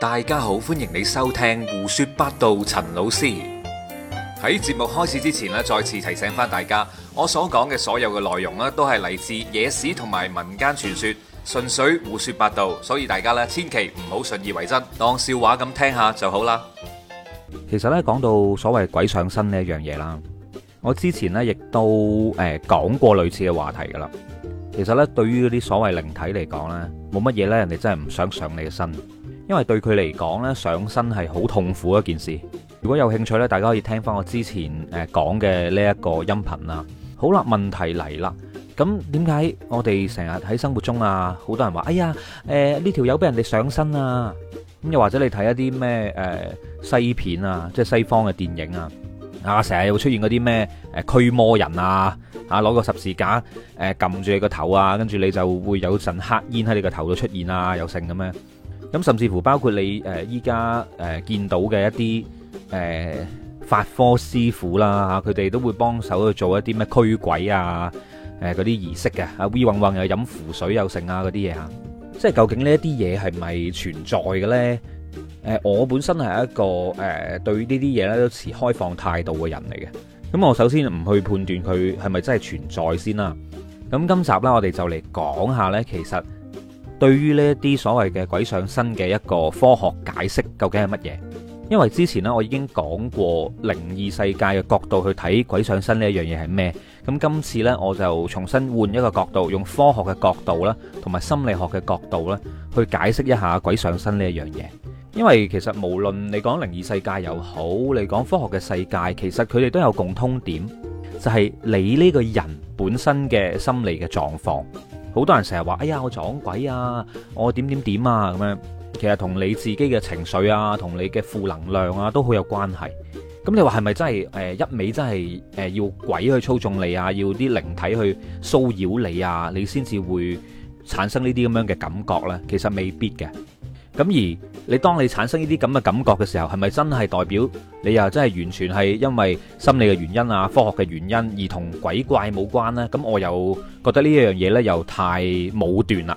大家好，歡迎你收聽胡說八道。陳老師喺節目開始之前咧，再次提醒翻大家，我所講嘅所有嘅內容咧，都係嚟自野史同埋民間傳說，純粹胡說八道，所以大家咧千祈唔好信以為真，當笑話咁聽下就好啦。其實咧，講到所謂鬼上身呢一樣嘢啦，我之前亦都誒、呃、講過類似嘅話題噶啦。其實咧，對於嗰啲所謂靈體嚟講咧，冇乜嘢咧，人哋真係唔想上你嘅身。因為對佢嚟講咧，上身係好痛苦嘅一件事。如果有興趣咧，大家可以聽翻我之前誒講嘅呢一個音頻啦。好啦，問題嚟啦，咁點解我哋成日喺生活中啊，好多人話哎呀誒呢條友俾人哋上身啊咁，又或者你睇一啲咩誒西片啊，即係西方嘅電影啊，啊成日又會出現嗰啲咩誒驅魔人啊，吓、啊、攞個十字架誒撳住你個頭啊，跟住你就會有陣黑煙喺你個頭度出現啊，又剩咁樣。咁甚至乎包括你誒依家誒見到嘅一啲誒法科師傅啦嚇，佢哋都會幫手去做一啲咩驅鬼啊誒嗰啲儀式嘅，啊鬱鬱又飲符水又剩啊嗰啲嘢啊，即係究竟呢一啲嘢係咪存在嘅咧？誒，我本身係一個誒對呢啲嘢咧都持開放態度嘅人嚟嘅，咁我首先唔去判斷佢係咪真係存在先啦。咁今集啦，我哋就嚟講下咧，其實。對於呢一啲所謂嘅鬼上身嘅一個科學解釋，究竟係乜嘢？因為之前呢，我已經講過靈異世界嘅角度去睇鬼上身呢一樣嘢係咩。咁今次呢，我就重新換一個角度，用科學嘅角度啦，同埋心理學嘅角度咧，去解釋一下鬼上身呢一樣嘢。因為其實無論你講靈異世界又好，你講科學嘅世界，其實佢哋都有共通點，就係你呢個人本身嘅心理嘅狀況。好多人成日話，哎呀，我撞鬼啊，我點點點啊，咁樣，其實同你自己嘅情緒啊，同你嘅負能量啊，都好有關係。咁你話係咪真係，誒，一味真係，誒，要鬼去操縱你啊，要啲靈體去騷擾你啊，你先至會產生呢啲咁樣嘅感覺呢？其實未必嘅。咁而你當你產生呢啲咁嘅感覺嘅時候，係咪真係代表你又真係完全係因為心理嘅原因啊、科學嘅原因而同鬼怪冇關呢？咁我又覺得呢一樣嘢呢又太武斷啦。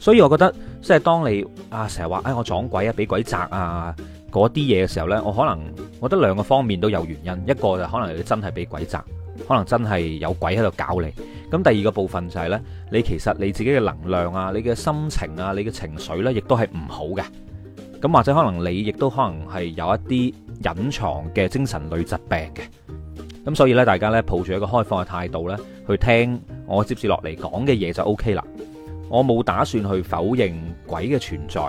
所以我覺得即係當你啊，成日話，誒，我撞鬼啊，俾鬼砸啊嗰啲嘢嘅時候呢，我可能我覺得兩個方面都有原因，一個就可能你真係俾鬼砸。可能真係有鬼喺度搞你。咁第二個部分就係呢：你其實你自己嘅能量啊，你嘅心情啊，你嘅情緒呢，亦都係唔好嘅。咁或者可能你亦都可能係有一啲隱藏嘅精神類疾病嘅。咁所以呢，大家呢，抱住一個開放嘅態度呢，去聽我接住落嚟講嘅嘢就 O K 啦。我冇打算去否認鬼嘅存在，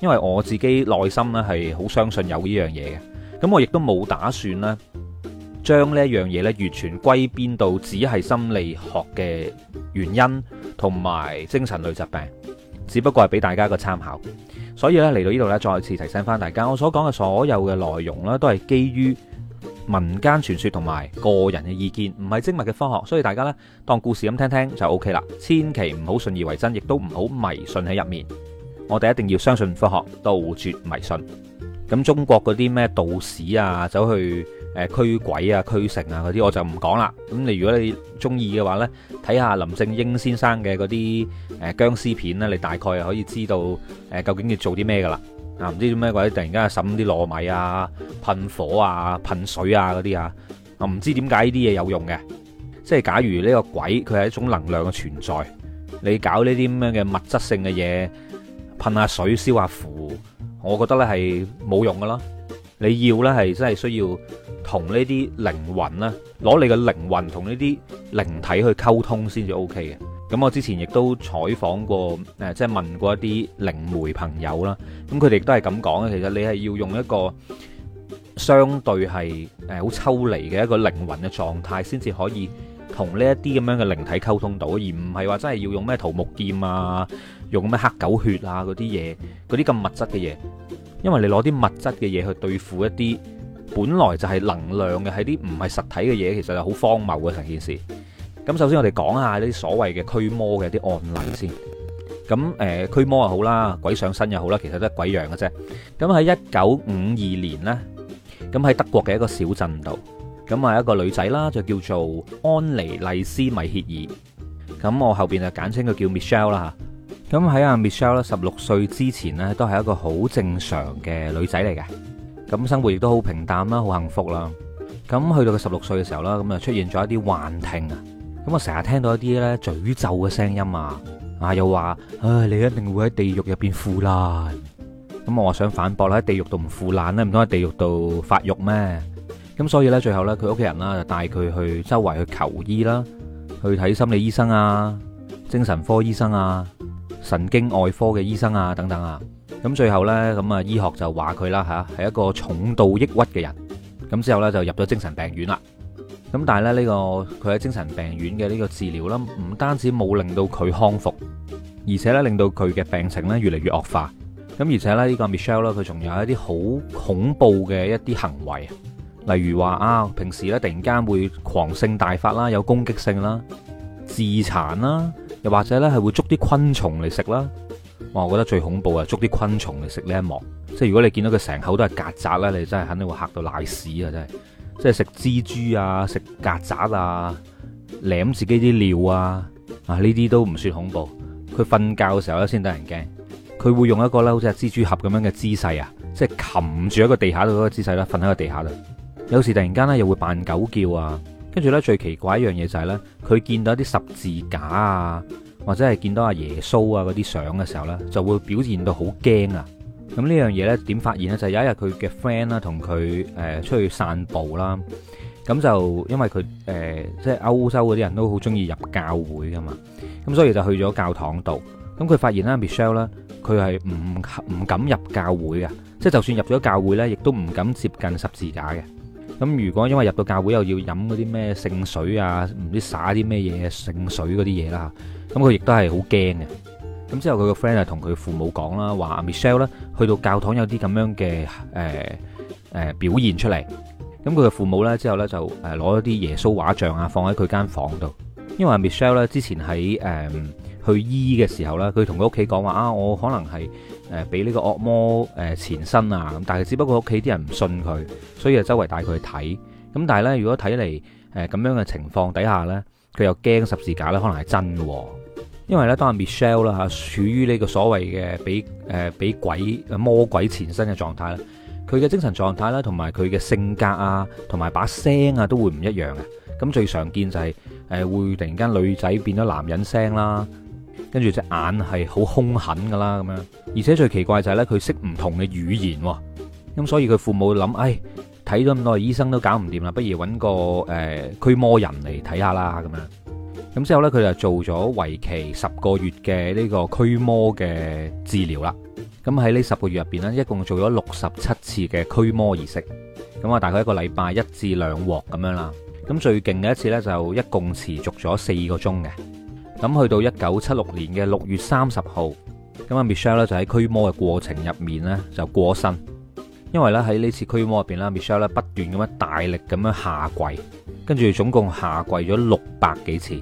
因為我自己內心呢係好相信有呢樣嘢嘅。咁我亦都冇打算呢。將呢樣嘢呢，完全歸邊度？只係心理學嘅原因，同埋精神類疾病，只不過係俾大家一個參考。所以呢，嚟到呢度呢，再次提醒翻大家，我所講嘅所有嘅內容呢，都係基於民間傳說同埋個人嘅意見，唔係精密嘅科學。所以大家呢，當故事咁聽聽就 OK 啦，千祈唔好信以為真，亦都唔好迷信喺入面。我哋一定要相信科學，杜絕迷信。咁中國嗰啲咩道士啊，走去。誒驅鬼啊、驅城啊嗰啲，我就唔講啦。咁你如果你中意嘅話呢，睇下林正英先生嘅嗰啲誒殭屍片呢，你大概就可以知道誒究竟要做啲咩噶啦。啊，唔知做咩鬼，突然間揼啲糯米啊、噴火啊、噴水啊嗰啲啊，唔知點解呢啲嘢有用嘅。即係假如呢個鬼佢係一種能量嘅存在，你搞呢啲咁樣嘅物質性嘅嘢噴下水、燒下符，我覺得呢係冇用噶囉。你要咧係真係需要同呢啲靈魂咧，攞你嘅靈魂同呢啲靈體去溝通先至 OK 嘅。咁我之前亦都採訪過，誒即係問過一啲靈媒朋友啦。咁佢哋亦都係咁講嘅：其實你係要用一個相對係誒好抽離嘅一個靈魂嘅狀態，先至可以同呢一啲咁樣嘅靈體溝通到，而唔係話真係要用咩桃木劍啊，用咩黑狗血啊嗰啲嘢，嗰啲咁物質嘅嘢。因為你攞啲物質嘅嘢去對付一啲本來就係能量嘅，係啲唔係實體嘅嘢，其實係好荒謬嘅成件事。咁首先我哋講下呢啲所謂嘅驅魔嘅啲案例先。咁誒驅魔又好啦，鬼上身又好啦，其實都係鬼樣嘅啫。咁喺一九五二年咧，咁喺德國嘅一個小鎮度，咁啊一個女仔啦，就叫做安妮麗絲·米歇爾，咁我後邊就簡稱佢叫 Michelle 啦嚇。咁喺阿 Michelle 啦，十六歲之前呢，都係一個好正常嘅女仔嚟嘅。咁生活亦都好平淡啦，好幸福啦。咁去到佢十六歲嘅時候啦，咁啊出現咗一啲幻聽啊，咁我成日聽到一啲咧詛咒嘅聲音啊，啊又話唉，你一定會喺地獄入邊腐爛。咁我想反駁啦，喺地獄度唔腐爛咧，唔通喺地獄度發育咩？咁所以咧，最後咧，佢屋企人啦就帶佢去周圍去求醫啦，去睇心理醫生啊、精神科醫生啊。神經外科嘅醫生啊，等等啊，咁最後呢，咁啊醫學就話佢啦吓，係一個重度抑鬱嘅人，咁之後呢，就入咗精神病院啦，咁但係咧呢、呢個佢喺精神病院嘅呢個治療啦，唔單止冇令到佢康復，而且呢令到佢嘅病情呢越嚟越惡化，咁而且呢，呢個、呢個 Michelle 啦，佢仲有一啲好恐怖嘅一啲行為，例如話啊平時呢突然間會狂性大發啦，有攻擊性啦，自殘啦。又或者咧，係會捉啲昆蟲嚟食啦。哇，我覺得最恐怖啊，捉啲昆蟲嚟食呢一幕。即係如果你見到佢成口都係曱甴咧，你真係肯定會吓到賴屎啊！真係，即係食蜘蛛啊，食曱甴啊，舐自己啲尿啊，啊呢啲都唔算恐怖。佢瞓覺嘅時候咧，先得人驚。佢會用一個咧，好似蜘蛛俠咁樣嘅姿勢啊，即係擒住一個地下度嗰個姿勢啦，瞓喺個地下度。有時突然間咧，又會扮狗叫啊。跟住咧，最奇怪一樣嘢就係咧，佢見到啲十字架啊，或者係見到阿耶穌啊嗰啲相嘅時候咧，就會表現到好驚啊！咁呢樣嘢咧點發現咧？就有一日佢嘅 friend 啦，同佢誒出去散步啦，咁就因為佢誒即係歐洲嗰啲人都好中意入教會㗎嘛，咁所以就去咗教堂度。咁佢發現咧，Michelle 咧，佢係唔唔敢入教會啊，即係就算入咗教會咧，亦都唔敢接近十字架嘅。咁如果因為入到教會又要飲嗰啲咩聖水啊，唔知灑啲咩嘢聖水嗰啲嘢啦，咁佢亦都係好驚嘅。咁之後佢個 friend 就同佢父母講啦，話 Michelle 咧去到教堂有啲咁樣嘅、呃呃、表現出嚟。咁佢嘅父母呢之後呢，就攞咗啲耶穌畫像啊放喺佢間房度，因為 Michelle 呢之前喺、呃、去醫嘅時候呢，佢同佢屋企講話啊，我可能係誒俾呢個惡魔誒纏身啊，咁但係只不過屋企啲人唔信佢，所以就周圍帶佢去睇。咁但係咧，如果睇嚟誒咁樣嘅情況底下咧，佢又驚十字架咧可能係真嘅，因為咧當阿 Michelle 啦嚇，處於呢個所謂嘅俾誒俾鬼魔鬼纏身嘅狀態咧，佢嘅精神狀態啦同埋佢嘅性格啊同埋把聲啊都會唔一樣嘅。咁最常見就係誒會突然間女仔變咗男人聲啦。跟住隻眼係好兇狠噶啦咁樣，而且最奇怪就係呢，佢識唔同嘅語言，咁所以佢父母諗，唉，睇咗咁多醫生都搞唔掂啦，不如揾個誒、呃、驅魔人嚟睇下啦咁樣。咁之後呢，佢就做咗為期十個月嘅呢個驅魔嘅治療啦。咁喺呢十個月入邊呢，一共做咗六十七次嘅驅魔儀式。咁啊，大概一個禮拜一至兩鑊咁樣啦。咁最勁嘅一次呢，就一共持續咗四個鐘嘅。咁去到一九七六年嘅六月三十號，咁啊 Michelle 咧，就喺驅魔嘅過程入面咧，就過身。因為咧喺呢次驅魔入邊啦，Michelle 咧，不斷咁樣大力咁樣下跪，跟住總共下跪咗六百幾次，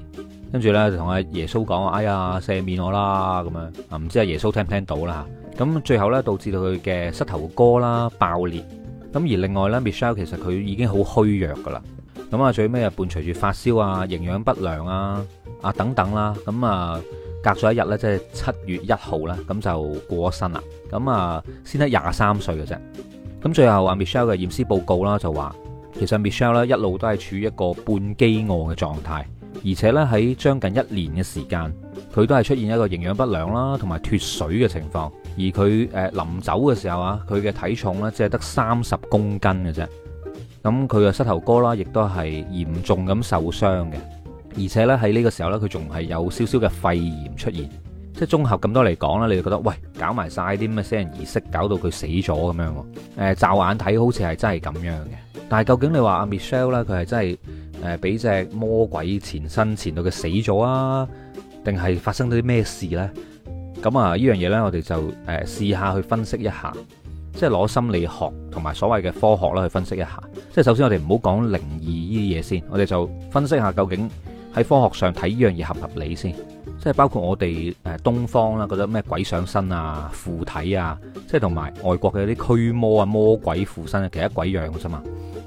跟住咧，就同阿耶穌講啊，哎呀，赦免我啦咁樣，啊唔知阿耶穌聽唔聽到啦，咁最後咧，導致到佢嘅膝頭哥啦爆裂，咁而另外咧 Michelle 其實佢已經好虛弱噶啦。咁啊，最尾啊，伴隨住發燒啊、營養不良啊、啊等等啦，咁啊，隔咗一日咧，即係七月一號啦，咁就過身啦。咁啊，先得廿三歲嘅啫。咁最後啊，Michelle 嘅驗屍報告啦，就話其實 Michelle 咧一路都係處於一個半飢餓嘅狀態，而且咧喺將近一年嘅時間，佢都係出現一個營養不良啦，同埋脫水嘅情況。而佢誒臨走嘅時候啊，佢嘅體重咧只係得三十公斤嘅啫。咁佢嘅膝頭哥啦，亦都係嚴重咁受傷嘅，而且咧喺呢個時候呢，佢仲係有少少嘅肺炎出現，即係綜合咁多嚟講呢，你就覺得喂，搞埋晒啲咩死人儀式，搞到佢死咗咁樣？誒，驟眼睇好似係真係咁樣嘅，但係究竟你話阿 Michelle 呢，佢係真係誒俾隻魔鬼纏身，纏到佢死咗啊？定係發生咗啲咩事呢？咁啊呢樣嘢呢，我哋就誒試下去分析一下。即係攞心理學同埋所謂嘅科學啦去分析一下。即係首先我哋唔好講靈異呢啲嘢先，我哋就分析下究竟喺科學上睇呢樣嘢合唔合理先。即係包括我哋誒東方啦，覺得咩鬼上身啊、附體啊，即係同埋外國嘅一啲驅魔啊、魔鬼附身啊，其他鬼樣嘅啫嘛。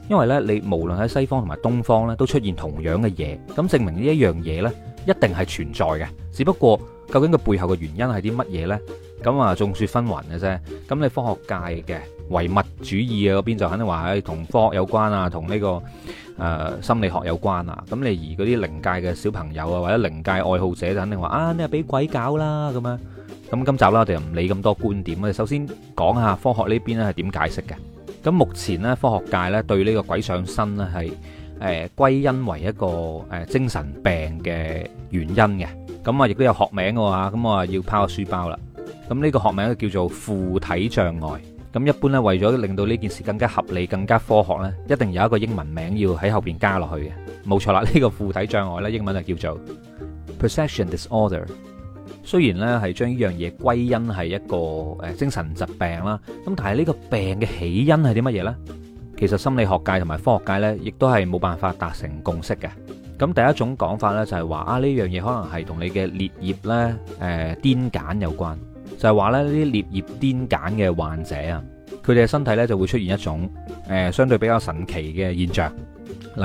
因為呢，你無論喺西方同埋東方呢都出現同樣嘅嘢，咁證明呢一樣嘢呢一定係存在嘅，只不過。究竟佢背後嘅原因係啲乜嘢咧？咁啊眾說紛紜嘅啫。咁你科學界嘅唯物主義啊嗰邊就肯定話，誒同科學有關啊，同呢個誒心理學有關啊。咁你而嗰啲靈界嘅小朋友啊，或者靈界愛好者就肯定話，啊你係俾鬼搞啦咁樣。咁今集咧我哋唔理咁多觀點，我哋首先講下科學呢邊咧係點解釋嘅。咁目前咧科學界咧對呢個鬼上身咧係誒歸因為一個誒精神病嘅原因嘅。咁啊，亦都有學名嘅喎嚇，咁我啊要拋書包啦。咁呢個學名咧叫做附體障礙。咁一般咧，為咗令到呢件事更加合理、更加科學咧，一定有一個英文名要喺後邊加落去嘅。冇錯啦，呢個附體障礙咧英文就叫做 Perception Disorder。雖然咧係將呢樣嘢歸因係一個誒精神疾病啦，咁但係呢個病嘅起因係啲乜嘢咧？其實心理學界同埋科學界咧，亦都係冇辦法達成共識嘅。咁第一種講法呢，就係話啊，呢樣嘢可能係同你嘅裂葉呢，誒，癲癇有關，就係話呢呢啲裂葉癲癇嘅患者啊，佢哋嘅身體呢就會出現一種誒相對比較神奇嘅現象，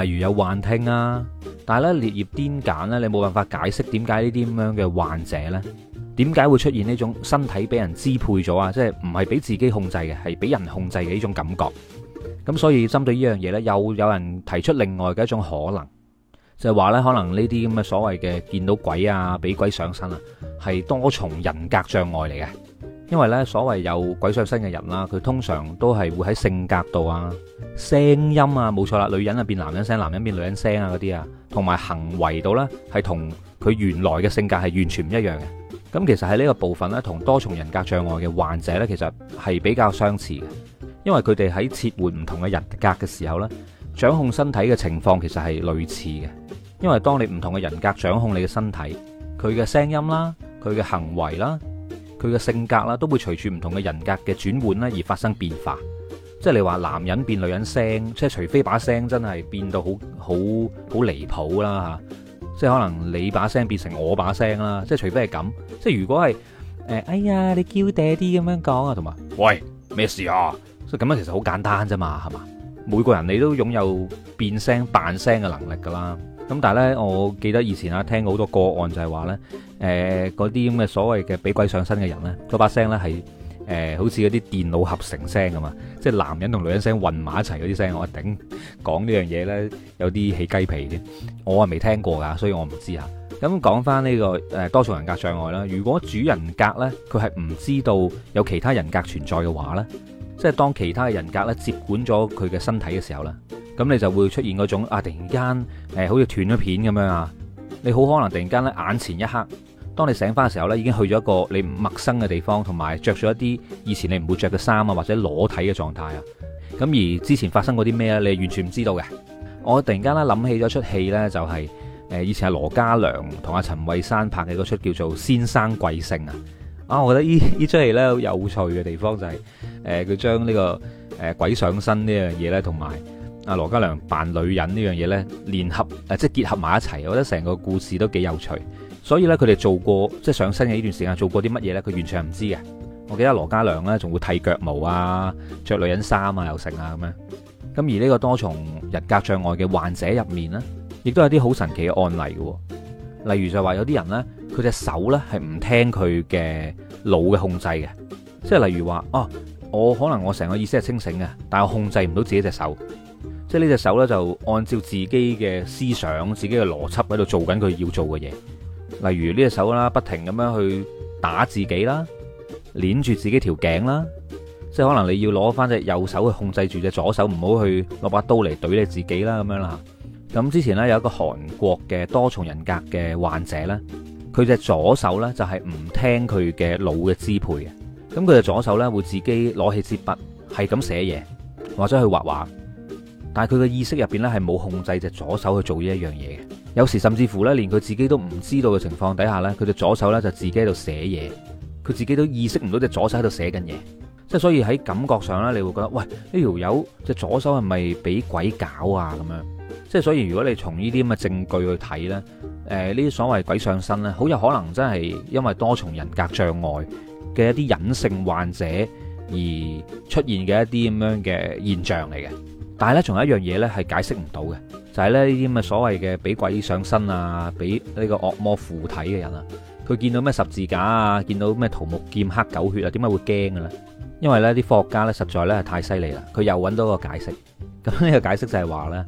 例如有幻聽啊。但係呢裂葉癲癇呢，你冇辦法解釋點解呢啲咁樣嘅患者呢，點解會出現呢種身體俾人支配咗啊，即係唔係俾自己控制嘅，係俾人控制嘅呢種感覺。咁所以針對呢樣嘢呢，又有人提出另外嘅一種可能。就係話咧，可能呢啲咁嘅所謂嘅見到鬼啊，俾鬼上身啊，係多重人格障礙嚟嘅。因為呢，所謂有鬼上身嘅人啦、啊，佢通常都係會喺性格度啊、聲音啊，冇錯啦，女人啊變男人聲，男人變女人聲啊嗰啲啊，同埋、啊、行為度呢，係同佢原來嘅性格係完全唔一樣嘅。咁其實喺呢個部分呢，同多重人格障礙嘅患者呢，其實係比較相似嘅，因為佢哋喺切換唔同嘅人格嘅時候呢，掌控身體嘅情況其實係類似嘅。因為當你唔同嘅人格掌控你嘅身體，佢嘅聲音啦，佢嘅行為啦，佢嘅性格啦，都會隨住唔同嘅人格嘅轉換咧而發生變化。即係你話男人變女人聲，即係除非把聲真係變到好好好離譜啦，即係可能你把聲變成我把聲啦，即係除非係咁。即係如果係誒、呃，哎呀，你叫嗲啲咁樣講啊，同埋喂咩事啊，即係咁樣其實好簡單啫嘛，係嘛？每個人你都擁有變聲扮聲嘅能力㗎啦。咁但係咧，我記得以前啊，聽過好多個案就，就係話咧，誒，嗰啲咁嘅所謂嘅俾鬼上身嘅人咧，嗰把聲咧係誒好似嗰啲電腦合成聲咁嘛。即係男人同女人聲混埋一齊嗰啲聲，我頂講呢樣嘢咧有啲起雞皮嘅，我啊未聽過噶，所以我唔知啊。咁講翻呢個誒，多重人格障礙啦，如果主人格咧佢係唔知道有其他人格存在嘅話咧？即係當其他嘅人格咧接管咗佢嘅身體嘅時候呢，咁你就會出現嗰種啊，突然間、呃、好似斷咗片咁樣啊。你好可能突然間咧，眼前一黑，當你醒返嘅時候呢，已經去咗一個你唔陌生嘅地方，同埋着咗一啲以前你唔會着嘅衫啊，或者裸體嘅狀態啊。咁而之前發生過啲咩咧？你完全唔知道嘅。我突然間呢諗起咗出戲呢、就係，就、呃、係以前係羅嘉良同阿陳慧珊拍嘅嗰出叫做《先生貴姓》啊。啊，我覺得呢出戲咧有趣嘅地方就係、係。誒佢將呢個誒鬼上身呢樣嘢咧，同埋阿羅嘉良扮女人呢樣嘢咧，聯合誒即係結合埋一齊，我覺得成個故事都幾有趣。所以咧，佢哋做過即係、就是、上身嘅呢段時間，做過啲乜嘢咧？佢完全唔知嘅。我記得羅嘉良咧仲會剃腳毛啊，着女人衫啊，又成啊咁樣。咁而呢個多重人格障礙嘅患者入面咧，亦都有啲好神奇嘅案例嘅。例如就話有啲人咧，佢隻手咧係唔聽佢嘅腦嘅控制嘅，即係例如話哦。啊。我可能我成個意思係清醒嘅，但係我控制唔到自己隻手，即係呢隻手咧就按照自己嘅思想、自己嘅邏輯喺度做緊佢要做嘅嘢。例如呢隻手啦，不停咁樣去打自己啦，捻住自己條頸啦，即係可能你要攞翻隻右手去控制住隻左手，唔好去攞把刀嚟懟你自己啦咁樣啦。咁之前咧有一個韓國嘅多重人格嘅患者咧，佢隻左手咧就係唔聽佢嘅腦嘅支配嘅。咁佢嘅左手呢會自己攞起支筆，係咁寫嘢，或者去畫畫。但係佢嘅意識入邊呢係冇控制隻左手去做呢一樣嘢。有時甚至乎呢連佢自己都唔知道嘅情況底下呢，佢隻左手呢就自己喺度寫嘢，佢自己都意識唔到隻左手喺度寫緊嘢。即係所以喺感覺上呢，你會覺得喂，呢條友隻左手係咪俾鬼搞啊咁樣？即係所以如果你從呢啲咁嘅證據去睇呢，誒，呢啲所謂鬼上身呢，好有可能真係因為多重人格障礙嘅一啲隱性患者而出現嘅一啲咁樣嘅現象嚟嘅，但係呢，仲有一樣嘢呢係解釋唔到嘅，就係咧呢啲咁嘅所謂嘅俾鬼上身啊，俾呢個惡魔附體嘅人啊，佢見到咩十字架啊，見到咩桃木劍、黑狗血啊，點解會驚嘅咧？因為呢啲科學家呢，實在咧係太犀利啦，佢又揾到一個解釋。咁呢個解釋就係話呢，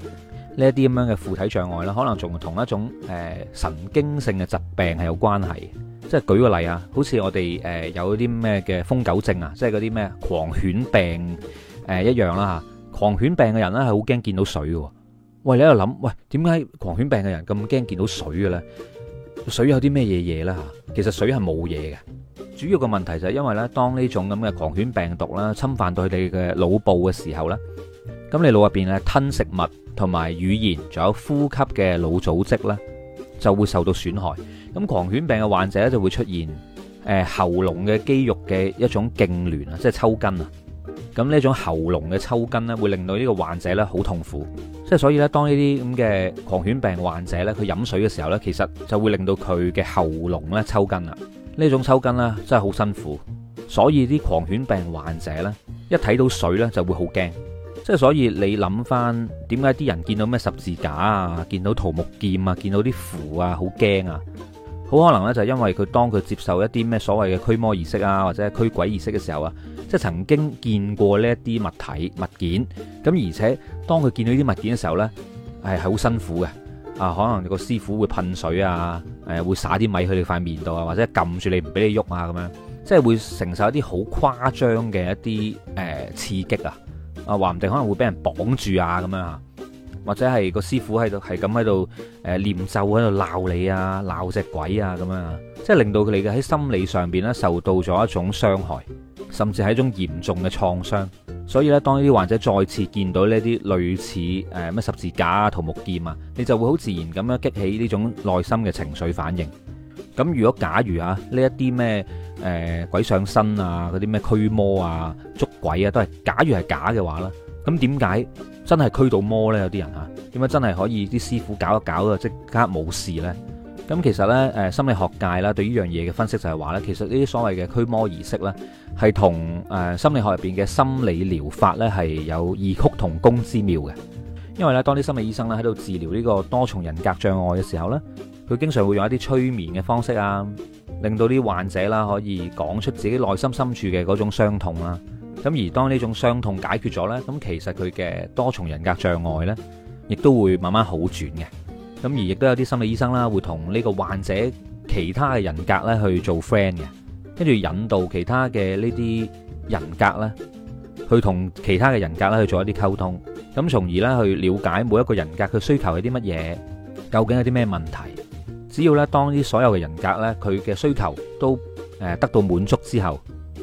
呢啲咁樣嘅附體障礙呢，可能仲同一種誒神經性嘅疾病係有關係。即係舉個例啊，好似我哋誒有啲咩嘅瘋狗症啊，即係嗰啲咩狂犬病誒、呃、一樣啦吓。狂犬病嘅人咧係好驚見到水喎。喂，你喺度諗，喂，點解狂犬病嘅人咁驚見到水嘅咧？水有啲咩嘢嘢啦吓？其實水係冇嘢嘅，主要嘅問題就係因為咧，當呢種咁嘅狂犬病毒咧侵犯到佢哋嘅腦部嘅時候咧，咁你腦入邊咧吞食物、同埋語言仲有呼吸嘅腦組織啦。就會受到損害，咁狂犬病嘅患者咧就會出現誒喉嚨嘅肌肉嘅一種痙攣啊，即係抽筋啊，咁呢種喉嚨嘅抽筋咧會令到呢個患者咧好痛苦，即係所以咧當呢啲咁嘅狂犬病患者咧佢飲水嘅時候咧，其實就會令到佢嘅喉嚨咧抽筋啦，呢種抽筋咧真係好辛苦，所以啲狂犬病患者咧一睇到水咧就會好驚。即係所以你想，你諗翻點解啲人見到咩十字架啊，見到桃木劍啊，見到啲符啊，好驚啊！好可能咧，就係因為佢當佢接受一啲咩所謂嘅驅魔儀式啊，或者驅鬼儀式嘅時候啊，即係曾經見過呢一啲物體物件。咁而且當佢見到呢啲物件嘅時候呢，係好辛苦嘅。啊，可能個師傅會噴水啊，誒會灑啲米去你塊面度啊，或者撳住你唔俾你喐啊咁樣，即係會承受一啲好誇張嘅一啲誒、呃、刺激啊！啊，話唔定可能會俾人綁住啊咁樣，或者係個師傅喺度係咁喺度誒念咒喺度鬧你啊，鬧隻鬼啊咁樣啊，即係令到佢哋嘅喺心理上邊咧受到咗一種傷害，甚至係一種嚴重嘅創傷。所以咧，當呢啲患者再次見到呢啲類似誒咩十字架啊、桃木劍啊，你就會好自然咁樣激起呢種內心嘅情緒反應。咁如果假如啊呢一啲咩誒鬼上身啊，嗰啲咩驅魔啊，捉鬼啊！都係假如係假嘅話咧，咁點解真係驅到魔呢？有啲人吓，點解真係可以啲師傅搞一搞啊，即刻冇事呢？咁其實呢，誒心理學界啦，對呢樣嘢嘅分析就係話呢，其實呢啲所謂嘅驅魔儀式呢，係同誒心理學入邊嘅心理療法呢，係有異曲同工之妙嘅。因為呢，當啲心理醫生咧喺度治療呢個多重人格障礙嘅時候呢，佢經常會用一啲催眠嘅方式啊，令到啲患者啦可以講出自己內心深處嘅嗰種傷痛啊。咁而當呢種傷痛解決咗咧，咁其實佢嘅多重人格障礙咧，亦都會慢慢好轉嘅。咁而亦都有啲心理醫生啦，會同呢個患者其他嘅人格咧去做 friend 嘅，跟住引導其他嘅呢啲人格咧，去同其他嘅人格咧去做一啲溝通，咁從而咧去了解每一個人格嘅需求係啲乜嘢，究竟係啲咩問題。只要咧當啲所有嘅人格咧佢嘅需求都誒得到滿足之後，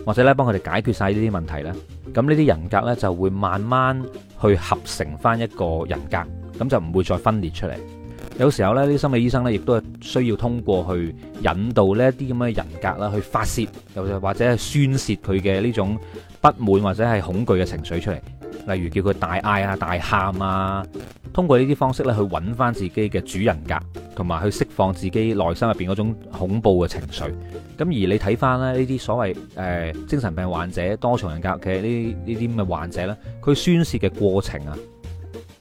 或者咧，幫佢哋解決晒呢啲問題咧，咁呢啲人格呢就會慢慢去合成翻一個人格，咁就唔會再分裂出嚟。有時候呢啲心理醫生呢，亦都需要通過去引導呢啲咁嘅人格啦，去發泄，又或者宣泄佢嘅呢種不滿或者係恐懼嘅情緒出嚟。例如叫佢大嗌啊、大喊啊，啊通過呢啲方式咧去揾翻自己嘅主人格，同埋去釋放自己內心入邊嗰種恐怖嘅情緒。咁而你睇翻咧呢啲所謂誒、呃、精神病患者多重人格嘅呢呢啲咁嘅患者咧，佢宣泄嘅過程啊，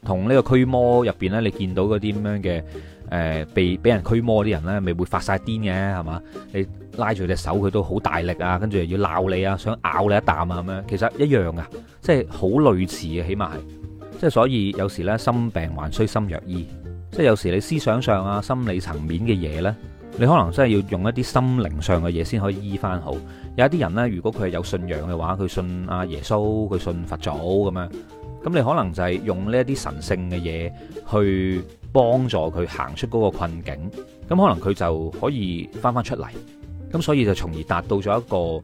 同呢個驅魔入邊咧，你見到嗰啲咁樣嘅。誒被俾人驅魔啲人呢咪會發晒癲嘅，係嘛？你拉住隻手佢都好大力啊，跟住又要鬧你啊，想咬你一啖啊咁樣，其實一樣㗎，即係好類似嘅，起碼係。即係所以有時呢，心病還需心藥醫，即係有時你思想上啊、心理層面嘅嘢呢，你可能真係要用一啲心靈上嘅嘢先可以醫翻好。有一啲人呢，如果佢係有信仰嘅話，佢信阿耶穌，佢信佛祖咁樣。咁你可能就係用呢一啲神聖嘅嘢去幫助佢行出嗰個困境，咁可能佢就可以翻翻出嚟，咁所以就從而達到咗一個誒、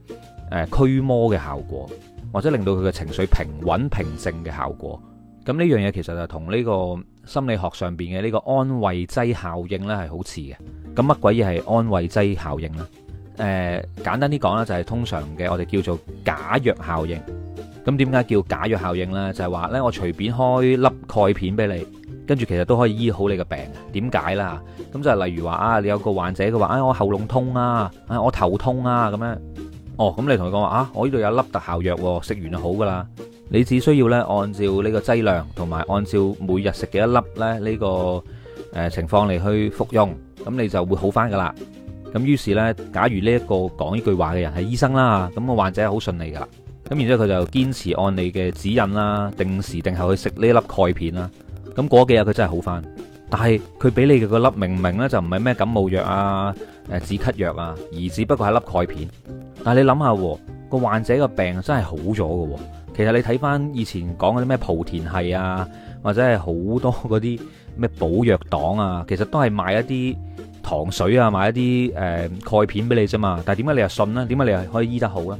呃、驅魔嘅效果，或者令到佢嘅情緒平穩平靜嘅效果。咁呢樣嘢其實就同呢個心理學上邊嘅呢個安慰劑效應呢係好似嘅。咁乜鬼嘢係安慰劑效應呢？誒、呃，簡單啲講呢就係、是、通常嘅我哋叫做假藥效應。咁點解叫假藥效應呢？就係話呢，我隨便開粒鈣片俾你，跟住其實都可以醫好你個病。點解啦？咁就係例如話啊，你有個患者佢話，唉、哎，我喉嚨痛啊，啊，我頭痛啊，咁樣。哦，咁你同佢講話啊，我呢度有一粒特效藥，啊，食完就好噶啦。你只需要呢，按照呢個劑量，同埋按照每日食嘅一粒呢，呢、這個情況嚟去服用，咁你就會好翻噶啦。咁於是呢，假如呢一個講呢句話嘅人係醫生啦，咁、那個患者係好順利㗎噶。咁然之後佢就堅持按你嘅指引啦，定時定候去食呢粒鈣片啦。咁嗰幾日佢真係好翻，但係佢俾你嘅粒明明呢就唔係咩感冒藥啊、誒止咳藥啊，而只不過係粒鈣片。但你諗下，個、啊、患者個病真係好咗喎。其實你睇翻以前講嗰啲咩莆田系啊，或者係好多嗰啲咩補藥黨啊，其實都係賣一啲糖水啊，賣一啲誒、呃、鈣片俾你啫嘛。但係點解你又信呢？點解你係可以醫得好呢？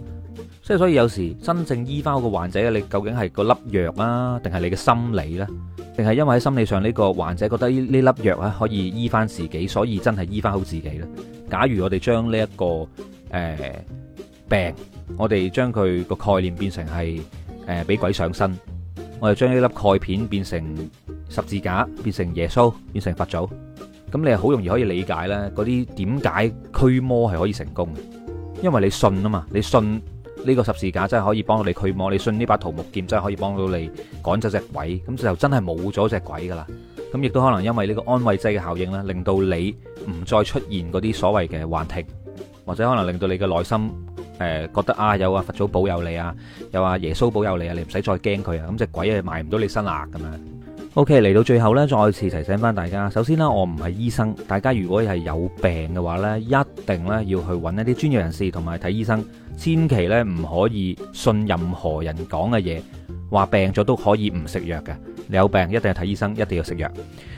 即係，所以有時真正醫翻嗰個患者咧，你究竟係個粒藥啊，定係你嘅心理呢？定係因為喺心理上呢個患者覺得呢粒藥啊可以醫翻自己，所以真係醫翻好自己呢？假如我哋將呢、呢、一個誒、呃、病，我哋將佢個概念變成係誒俾鬼上身，我哋將呢粒鈣片變成十字架，變成耶穌，變成佛祖，咁你係好容易可以理解咧嗰啲點解驅魔係可以成功嘅，因為你信啊嘛，你信。呢個十字架真係可以幫到你驅魔，你信呢把桃木劍真係可以幫到你趕走隻鬼，咁就真係冇咗隻鬼噶啦。咁亦都可能因為呢個安慰劑嘅效應啦，令到你唔再出現嗰啲所謂嘅幻聽，或者可能令到你嘅內心誒覺得啊有啊佛祖保佑你啊，有啊，耶穌保佑你啊，你唔使再驚佢啊，咁隻鬼啊埋唔到你身啊咁樣。O.K. 嚟到最後咧，再次提醒翻大家，首先咧，我唔係醫生，大家如果係有病嘅話咧，一定咧要去揾一啲專業人士同埋睇醫生，千祈咧唔可以信任何人講嘅嘢，話病咗都可以唔食藥嘅。你有病一定要睇醫生，一定要食藥。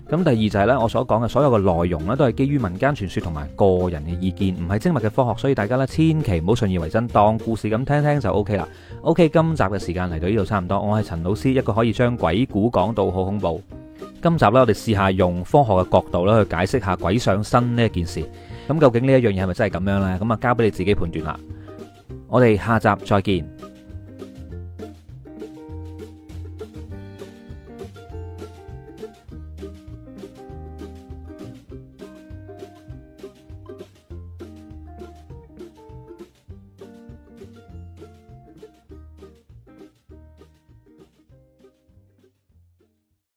咁第二就係咧，我所講嘅所有嘅內容呢，都係基於民間傳說同埋個人嘅意見，唔係精密嘅科學，所以大家呢，千祈唔好信以為真，當故事咁聽聽就 OK 啦。OK，今集嘅時間嚟到呢度差唔多，我係陳老師，一個可以將鬼故講到好恐怖。今集呢，我哋試下用科學嘅角度咧去解釋下鬼上身呢一件事。咁究竟呢一樣嘢係咪真係咁樣呢？咁啊，交俾你自己判斷啦。我哋下集再見。